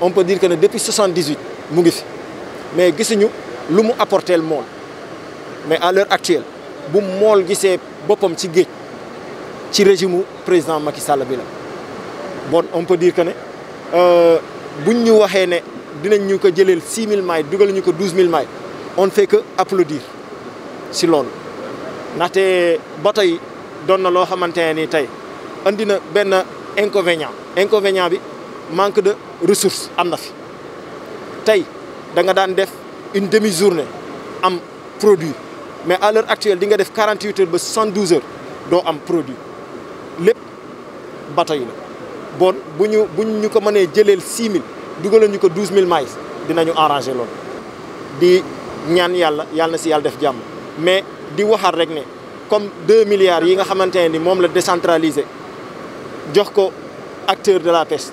on peut dire que depuis 78 nous mais gisuñu apporté le monde, mais à l'heure actuelle bu le régime président Macky Sall on peut dire que si nous avons ne dinañ 6000 mailles on fait que applaudir si fait na un inconvénient manque de ressources Il faut fi tay da nga daan def une demi-journée am produit mais à l'heure actuelle di nga def 48 heures ba 72 heures do am produit lepp bataille la bon buñu buñu ko 6 000 nous avons 12 000 maïs dinañu arranger lool di ñaan yalla yalla si yalla def mais di rek comme 2 milliards yi nga xamante Nous ni moom la décentraliser jox ko acteur de la peste.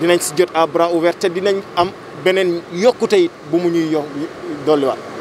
dinañ si jot à bras ouvert dinañ am beneen yokkute bu mu ñuy yokk dolliwaat.